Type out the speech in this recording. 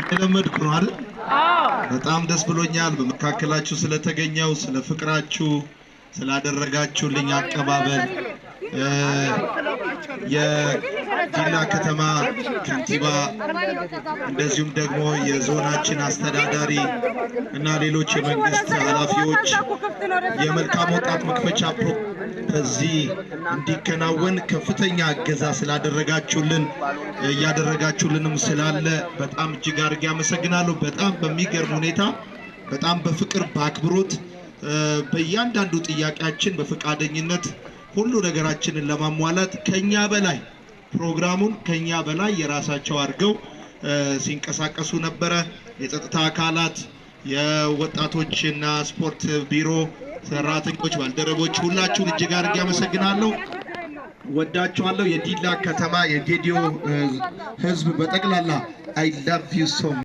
እየለመድኩ ነው አይደል? በጣም ደስ ብሎኛል በመካከላችሁ ስለተገኘው፣ ስለ ፍቅራችሁ ስላደረጋችሁልኝ አቀባበል የዲላ ከተማ ከንቲባ እንደዚሁም ደግሞ የዞናችን አስተዳዳሪ እና ሌሎች የመንግስት ኃላፊዎች የመልካም ወጣት መክፈቻ በዚህ እንዲከናወን ከፍተኛ እገዛ ስላደረጋችሁልን እያደረጋችሁልንም ስላለ በጣም እጅግ አድርጌ አመሰግናለሁ። በጣም በሚገርም ሁኔታ በጣም በፍቅር በአክብሮት በእያንዳንዱ ጥያቄያችን በፈቃደኝነት ሁሉ ነገራችንን ለማሟላት ከኛ በላይ ፕሮግራሙን ከኛ በላይ የራሳቸው አድርገው ሲንቀሳቀሱ ነበረ። የጸጥታ አካላት፣ የወጣቶችና ስፖርት ቢሮ ሰራተኞች፣ ባልደረቦች ሁላችሁን እጅግ አድርጌ አመሰግናለሁ። ወዳችኋለሁ። የዲላ ከተማ የጌዲዮ ህዝብ በጠቅላላ አይ ላቭ ዩ ሶ